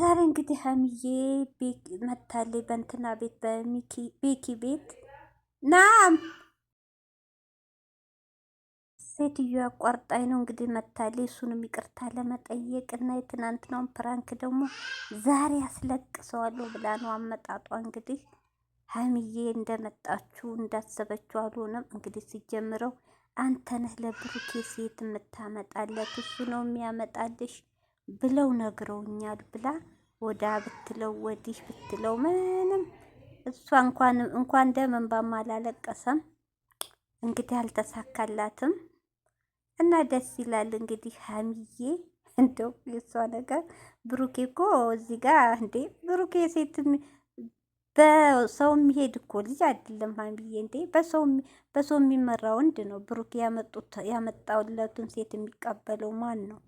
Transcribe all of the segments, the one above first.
ዛሬ እንግዲህ ሀሚዬ መታሌ በእንትና ቤት በቤኪ ቤት ናም ሴትዮ አቋርጣኝ ነው እንግዲህ መታለይ እሱንም ይቅርታ ለመጠየቅ እና የትናንትናውን ፕራንክ ደግሞ ዛሬ አስለቅሰዋለሁ ብላ ነው አመጣጧ። እንግዲህ ሀሚዬ እንደመጣችሁ እንዳሰበችው አልሆነም። እንግዲህ ሲጀምረው አንተ ነህ ለብሩኬ ሴት የምታመጣለት እሱ ነው የሚያመጣልሽ ብለው ነግረውኛል ብላ ወዳ ብትለው ወዲህ ብትለው ምንም እሷ እንኳን እንኳን ደም እንባም አላለቀሰም። እንግዲህ አልተሳካላትም እና ደስ ይላል። እንግዲህ ሀሚዬ እንደው የእሷ ነገር ብሩኬ እኮ እዚህ ጋር እንዴ ብሩኬ ሴት በሰው የሚሄድ እኮ ልጅ አይደለም ሀሚዬ እንዴ በሰው የሚመራ ወንድ ነው ብሩኬ። ያመጣውለቱን ሴት የሚቀበለው ማን ነው?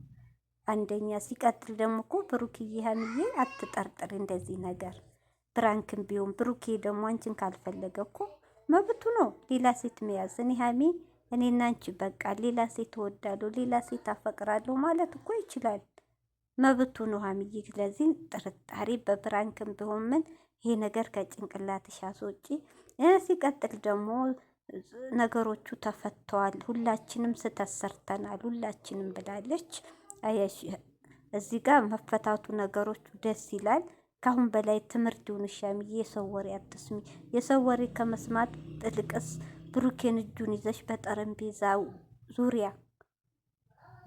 አንደኛ። ሲቀጥል ደግሞ እኮ ብሩክዬ ሀምዬ አትጠርጥር እንደዚህ ነገር ብራንክን ቢሆን ብሩኬ ደግሞ አንቺን ካልፈለገ እኮ መብቱ ነው ሌላ ሴት መያዝ። እኔ ሀሚ እኔና አንቺ በቃ ሌላ ሴት እወዳለሁ፣ ሌላ ሴት አፈቅራለሁ ማለት እኮ ይችላል መብቱ ነው ሀሚዬ። ስለዚህ ጥርጣሬ በብራንክን ቢሆን ምን ይሄ ነገር ከጭንቅላትሽ አስወጪ። ሲቀጥል ደግሞ ነገሮቹ ተፈተዋል፣ ሁላችንም ስተሰርተናል፣ ሁላችንም ብላለች። አያሽ እዚህ ጋር መፈታቱ ነገሮቹ ደስ ይላል። ካሁን በላይ ትምህርት ይሁን ሻምዬ፣ የሰው ወሬ አትስሚ። የሰው ወሬ ከመስማት ጥልቅስ ብሩኬን እጁን ይዘሽ በጠረጴዛ ዙሪያ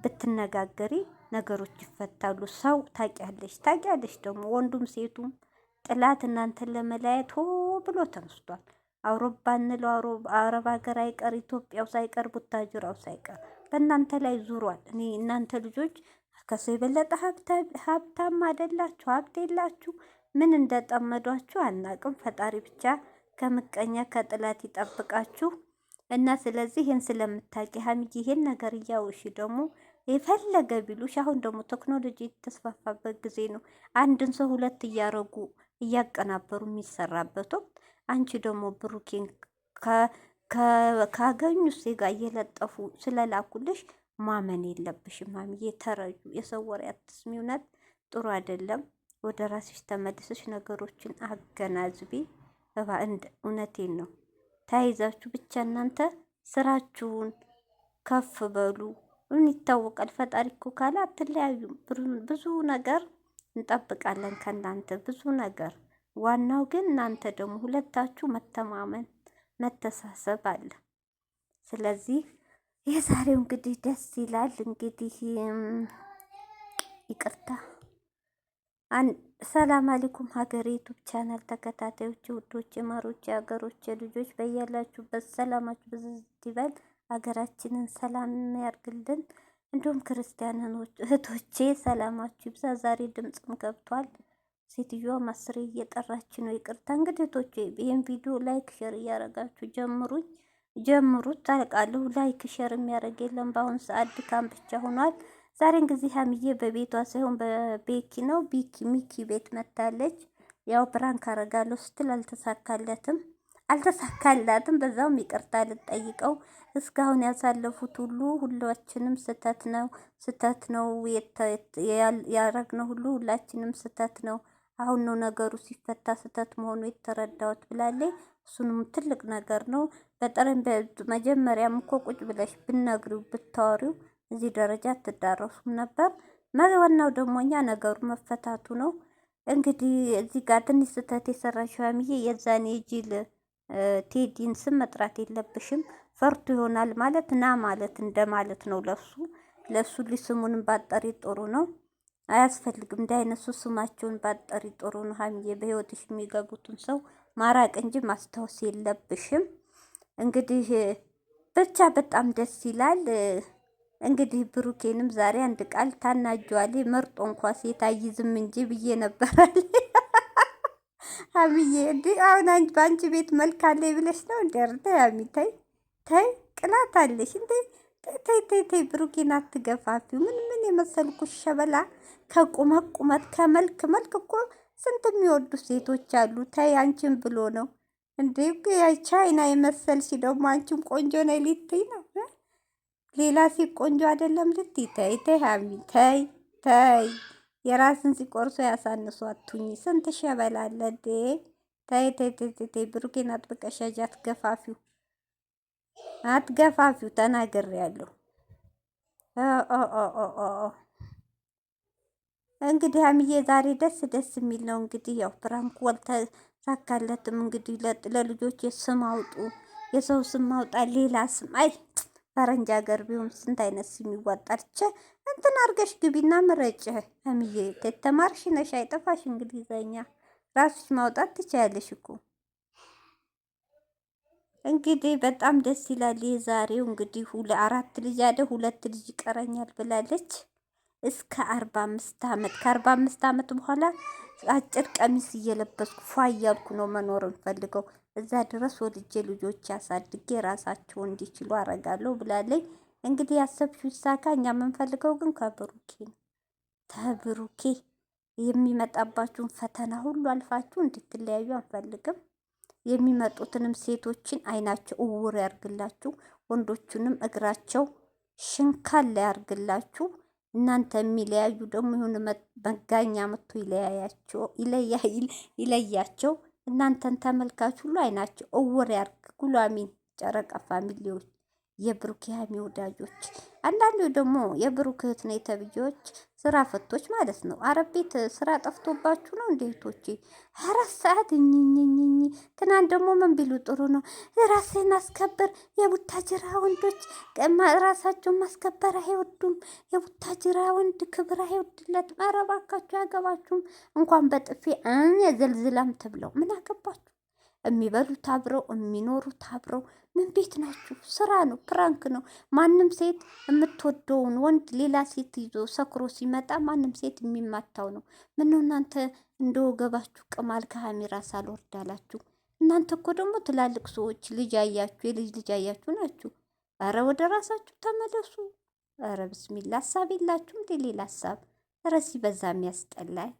ብትነጋገሪ ነገሮች ይፈታሉ። ሰው ታቂያለሽ ታቂያለሽ። ደግሞ ወንዱም ሴቱም ጥላት እናንተን ለመለያየት ሆ ብሎ ተነስቷል። አውሮፓ እንለው አረብ ሀገር አይቀር ኢትዮጵያው ሳይቀር ቡታጅራው ሳይቀር በእናንተ ላይ ዙሯል። እኔ እናንተ ልጆች ከሰው የበለጠ ሀብታም አይደላችሁ፣ ሀብት የላችሁ፣ ምን እንደጠመዷችሁ አናቅም። ፈጣሪ ብቻ ከምቀኛ ከጥላት ይጠብቃችሁ እና ስለዚህ ይህን ስለምታቂ ሀሚዬ ይሄን ነገር እያውሺ ደግሞ የፈለገ ቢሉሽ አሁን ደግሞ ቴክኖሎጂ የተስፋፋበት ጊዜ ነው። አንድን ሰው ሁለት እያረጉ እያቀናበሩ የሚሰራበት ወቅት አንቺ ደግሞ ብሩኬን ካገኙ ሴ ጋር እየለጠፉ ስለላኩልሽ ማመን የለብሽም ማሚዬ፣ ተረጁ። የሰው ወሬ አትስሚ፣ እውነት ጥሩ አይደለም። ወደ ራስሽ ተመልሰሽ ነገሮችን አገናዝቢ እባ። እንደ እውነቴን ነው። ተያይዛችሁ ብቻ እናንተ ስራችሁን ከፍ በሉ። ምን ይታወቃል? ፈጣሪ እኮ ካለ አትለያዩም። ብዙ ነገር እንጠብቃለን ከእናንተ ብዙ ነገር። ዋናው ግን እናንተ ደግሞ ሁለታችሁ መተማመን መተሳሰብ አለ። ስለዚህ የዛሬው እንግዲህ ደስ ይላል። እንግዲህ ይቅርታ ሰላም አለይኩም ሀገሬ ዩቱብ ቻናል ተከታታዮች ውዶች፣ ማሮች፣ የሀገሮች ልጆች በያላችሁበት ሰላማችሁ ብዙ ይበል። ሀገራችንን ሰላም ያርግልን። እንዲሁም ክርስቲያን እህቶቼ ሰላማችሁ ይብዛ። ዛሬ ድምፅም ገብቷል። ሴትዮዋም አስሬ እየጠራች ነው። ይቅርታ እንግዲህ እንግዶቶቼ፣ ይህን ቪዲዮ ላይክ ሸር እያረጋችሁ ጀምሩኝ ጀምሩት ታልቃለሁ። ላይክ ሸር የሚያደርግ የለም። በአሁኑ ሰዓት ድካም ብቻ ሆኗል። ዛሬ ጊዜ ሀምዬ በቤቷ ሳይሆን በቤኪ ነው ቢኪ ሚኪ ቤት መታለች። ያው ብራንክ አረጋለሁ ስትል አልተሳካለትም አልተሳካላትም። በዛውም ይቅርታ ልጠይቀው። እስካሁን ያሳለፉት ሁሉ ሁላችንም ስተት ነው ስተት ነው ያረግነው ሁሉ ሁላችንም ስተት ነው አሁን ነው ነገሩ ሲፈታ ስህተት መሆኑ የተረዳሁት ብላለች። እሱንም ትልቅ ነገር ነው። በጠረን መጀመሪያም እኮ ቁጭ ብለሽ ብነግሪው ብታወሪው እዚህ ደረጃ አትዳረሱም ነበር። ዋናው ደግሞ እኛ ነገሩ መፈታቱ ነው። እንግዲህ እዚህ ጋር ትንሽ ስህተት የሰራሽው ሀይሚዬ የዛኔ ጅል ቴዲን ስም መጥራት የለብሽም። ፈርቱ ይሆናል ማለት ና ማለት እንደማለት ነው። ለሱ ለሱ ሊስሙንም ባጠሪ ጥሩ ነው። አያስፈልግም። እንዲህ ስማቸውን ባጠሪ ጥሩ ነው። ሀሚዬ በህይወትሽ የሚገቡትን ሰው ማራቅ እንጂ ማስታወስ የለብሽም። እንግዲህ ብቻ በጣም ደስ ይላል። እንግዲህ ብሩኬንም ዛሬ አንድ ቃል ታናጇዋሌ መርጦ እንኳ ሴት አይዝም እንጂ ብዬ ነበራል። ሀሚዬ እንዲ አሁን በአንቺ ቤት መልክ አለ ብለሽ ነው እንዲ ርዳ ያሚ ተይ ተይ፣ ቅናት አለሽ እንዴ? ተይ ብሩኬን አትገፋፊው። ምን ምን የመሰልኩት ሸበላ ከቁመት ቁመት ከመልክ መልክ እኮ ስንት የሚወዱ ሴቶች አሉ። ተይ አንቺን ብሎ ነው እንዴ? ቻይና የመሰልሽ ደግሞ አንቺን ቆንጆ ነይ ልትይ ነው። ሌላ ሴት ቆንጆ አይደለም ልትይ? ተይ ተይ ሀሚ ተይ ተይ። የራስን ሲቆርሶ ያሳንሱ አቱኝ። ስንት ሸበላ አለ እንዴ? ተይ ተይ ተይ ተይ። ብሩኬን አጥብቀሽ ያዣት ገፋፊው። አትገፋፊው፣ ተናግሬያለሁ። እንግዲህ አምዬ ዛሬ ደስ ደስ የሚል ነው። እንግዲህ ያው ፕራንክ አልተሳካለትም። እንግዲህ ለልጆች ስም አውጡ፣ የሰው ስም አውጣ፣ ሌላ ስም አይ ፈረንጅ ሀገር ቢሆን ስንት አይነት ስም ይዋጣል። ቸ እንትን አድርገሽ ግቢና ምረጭ። አምዬ የተማርሽ ነሽ አይጠፋሽ። እንግዲህ ራስሽ ማውጣት ትችያለሽ እኮ እንግዲህ በጣም ደስ ይላል። የዛሬው እንግዲህ አራት ልጅ አለ ሁለት ልጅ ይቀረኛል ብላለች። እስከ አርባ አምስት አመት ከአርባ አምስት አመት በኋላ አጭር ቀሚስ እየለበስኩ ፏ እያልኩ ነው መኖር እንፈልገው። እዛ ድረስ ወልጄ ልጆች ያሳድጌ ራሳቸው እንዲችሉ አረጋለሁ ብላለኝ። እንግዲህ ያሰብሽው ይሳካ። እኛ የምንፈልገው ግን ከብሩኬ ነው። ተብሩኬ የሚመጣባችሁን ፈተና ሁሉ አልፋችሁ እንድትለያዩ አንፈልግም። የሚመጡትንም ሴቶችን አይናቸው እውር ያርግላችሁ፣ ወንዶቹንም እግራቸው ሽንካላ ያርግላችሁ። እናንተ የሚለያዩ ደግሞ የሆነ መጋኛ መጥቶ ይለያቸው። እናንተን ተመልካች ሁሉ አይናቸው እውር ያርግ። ጉሏሚን ጨረቃ ፋሚሊዎች የብሩክ የሀሚ ወዳጆች፣ አንዳንዱ ደግሞ የብሩክ እህት ነው የተብዬዎች ስራ ፈቶች ማለት ነው። አረብ ቤት ስራ ጠፍቶባችሁ ነው እንደ እህቶቼ አራት ሰዓት እኝኝኝኝ። ትናንት ደግሞ ምን ቢሉ ጥሩ ነው? ራሴን አስከበር። የቡታጅራ ወንዶች ራሳቸውን ማስከበር አይወዱም። የቡታጅራ ወንድ ክብር አይወድለት። ኧረ እባካችሁ አያገባችሁም። እንኳን በጥፊ ዘልዝላም ትብለው ምን አገባችሁ? የሚበሉት አብረው የሚኖሩት አብረው ምን ቤት ናችሁ? ስራ ነው፣ ፕራንክ ነው። ማንም ሴት የምትወደውን ወንድ ሌላ ሴት ይዞ ሰክሮ ሲመጣ ማንም ሴት የሚማታው ነው። ምነው እናንተ እንደ ወገባችሁ ቅማል ከሀሜራ ሳልወርድ አላችሁ። እናንተ እኮ ደግሞ ትላልቅ ሰዎች ልጅ አያችሁ፣ የልጅ ልጅ አያችሁ ናችሁ። ኧረ ወደ ራሳችሁ ተመለሱ። ኧረ ብስሚላ ሀሳብ የላችሁም እንደ ሌላ ሀሳብ ኧረ በዛ የሚያስጠላል።